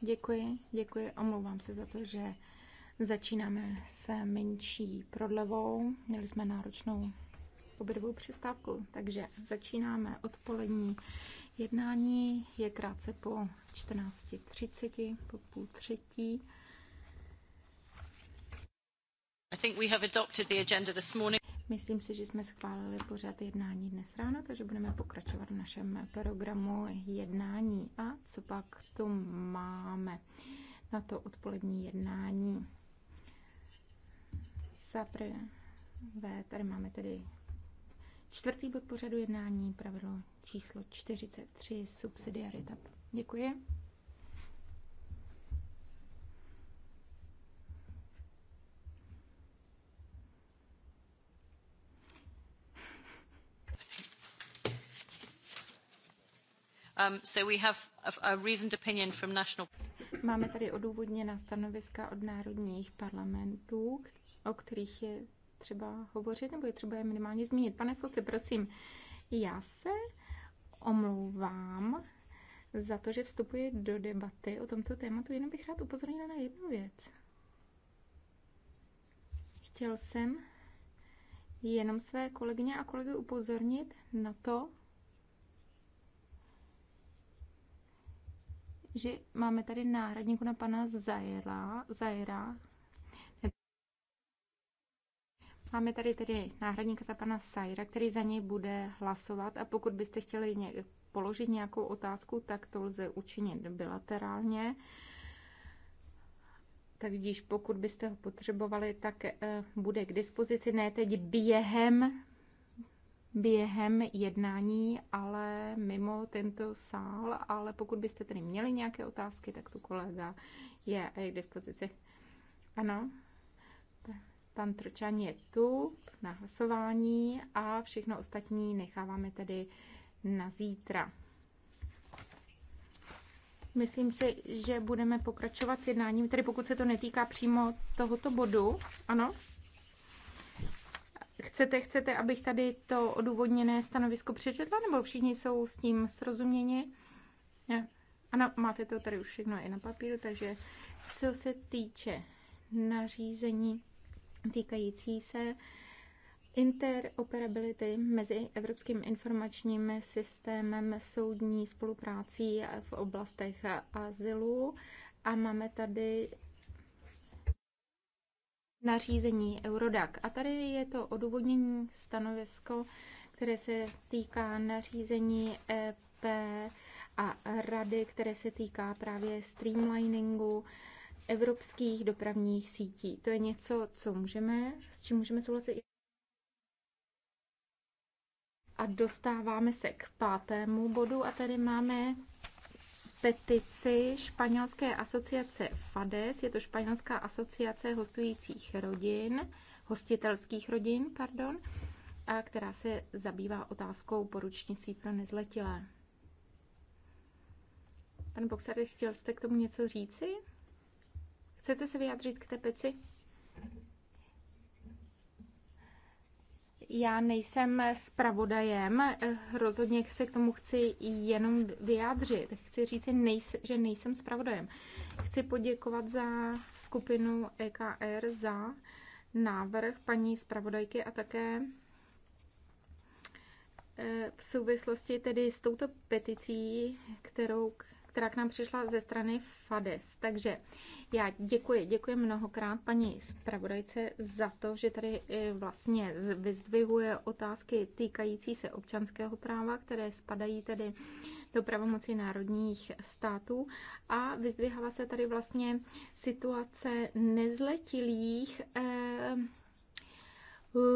Děkuji, děkuji. Omlouvám se za to, že začínáme s menší prodlevou. Měli jsme náročnou obědovou přestávku, takže začínáme odpolední jednání. Je krátce po 14.30, po půl třetí. I think we have adopted the agenda this morning. Myslím si, že jsme schválili pořád jednání dnes ráno, takže budeme pokračovat v našem programu jednání. A co pak tu máme na to odpolední jednání? Zaprvé tady máme tedy čtvrtý bod pořadu jednání, pravidlo číslo 43, subsidiarita. Děkuji. Máme tady odůvodněná stanoviska od národních parlamentů, o kterých je třeba hovořit, nebo je třeba je minimálně zmínit. Pane Fosy, prosím, já se omlouvám za to, že vstupuji do debaty o tomto tématu, jenom bych rád upozornila na jednu věc. Chtěl jsem jenom své kolegyně a kolegy upozornit na to, že máme tady náhradníku na pana Zajera. Zajera. Máme tady tedy náhradníka za pana Sajra, který za něj bude hlasovat a pokud byste chtěli položit nějakou otázku, tak to lze učinit bilaterálně. Tak když pokud byste ho potřebovali, tak eh, bude k dispozici ne teď během během jednání, ale mimo tento sál. Ale pokud byste tedy měli nějaké otázky, tak tu kolega je k dispozici. Ano, pan Tročan je tu na hlasování a všechno ostatní necháváme tedy na zítra. Myslím si, že budeme pokračovat s jednáním, tedy pokud se to netýká přímo tohoto bodu. Ano? Chcete, chcete, abych tady to odůvodněné stanovisko přečetla, nebo všichni jsou s tím srozuměni? Ne. Ano, máte to tady už všechno i na papíru, takže co se týče nařízení týkající se interoperability mezi Evropským informačním systémem soudní spoluprácí v oblastech azylu a máme tady nařízení Eurodac. A tady je to odůvodnění stanovisko, které se týká nařízení EP a rady, které se týká právě streamliningu evropských dopravních sítí. To je něco, co můžeme, s čím můžeme souhlasit. A dostáváme se k pátému bodu a tady máme petici španělské asociace FADES, je to španělská asociace hostujících rodin, hostitelských rodin, pardon, a která se zabývá otázkou poručnictví pro nezletilé. Pan Boxer, chtěl jste k tomu něco říci? Chcete se vyjádřit k té peci? Já nejsem zpravodajem, rozhodně se k tomu chci jenom vyjádřit. Chci říct, že nejsem zpravodajem. Chci poděkovat za skupinu EKR, za návrh paní zpravodajky a také eh, v souvislosti tedy s touto peticí, kterou která k nám přišla ze strany FADES. Takže já děkuji, děkuji mnohokrát paní zpravodajce za to, že tady eh, vlastně vyzdvihuje otázky týkající se občanského práva, které spadají tedy do pravomoci národních států a vyzdvihala se tady vlastně situace nezletilých eh,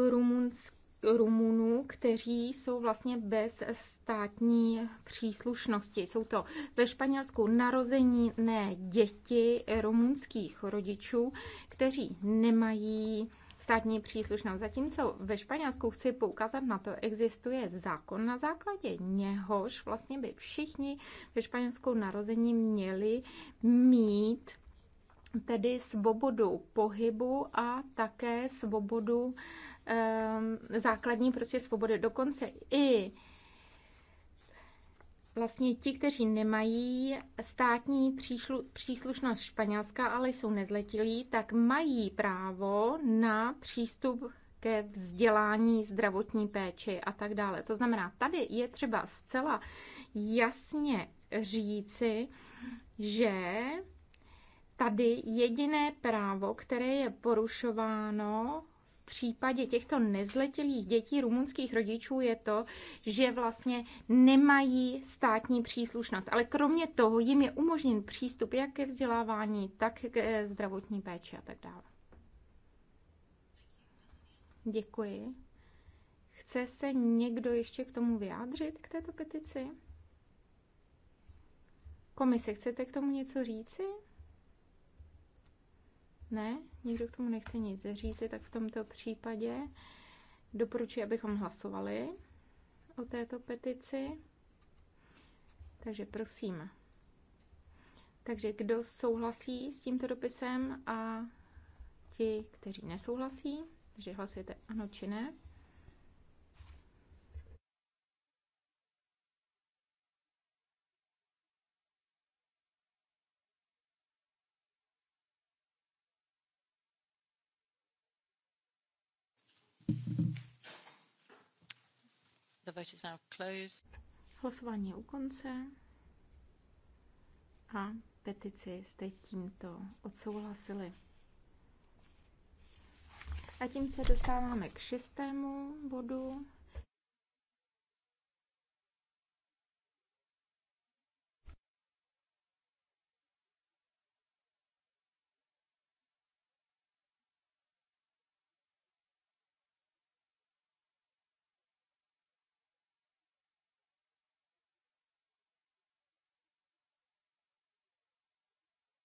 rumunských Rumunů, kteří jsou vlastně bez státní příslušnosti. Jsou to ve Španělsku narození ne děti rumunských rodičů, kteří nemají státní příslušnost. Zatímco ve Španělsku chci poukázat na to, existuje zákon, na základě něhož vlastně by všichni ve Španělsku narození měli mít tedy svobodu pohybu a také svobodu eh, základní prostě svobody. Dokonce i vlastně ti, kteří nemají státní příšlu, příslušnost Španělska, ale jsou nezletilí, tak mají právo na přístup ke vzdělání, zdravotní péči a tak dále. To znamená, tady je třeba zcela jasně říci, že tady jediné právo, které je porušováno v případě těchto nezletilých dětí rumunských rodičů je to, že vlastně nemají státní příslušnost. Ale kromě toho jim je umožněn přístup jak ke vzdělávání, tak ke zdravotní péči a tak dále. Děkuji. Chce se někdo ještě k tomu vyjádřit, k této petici? Komise, chcete k tomu něco říci? Ne, nikdo k tomu nechce nic říct, tak v tomto případě doporučuji, abychom hlasovali o této petici. Takže prosím. Takže kdo souhlasí s tímto dopisem a ti, kteří nesouhlasí, takže hlasujete ano či ne. The vote is now closed. Hlasování je u konce a petici jste tímto odsouhlasili. A tím se dostáváme k šestému bodu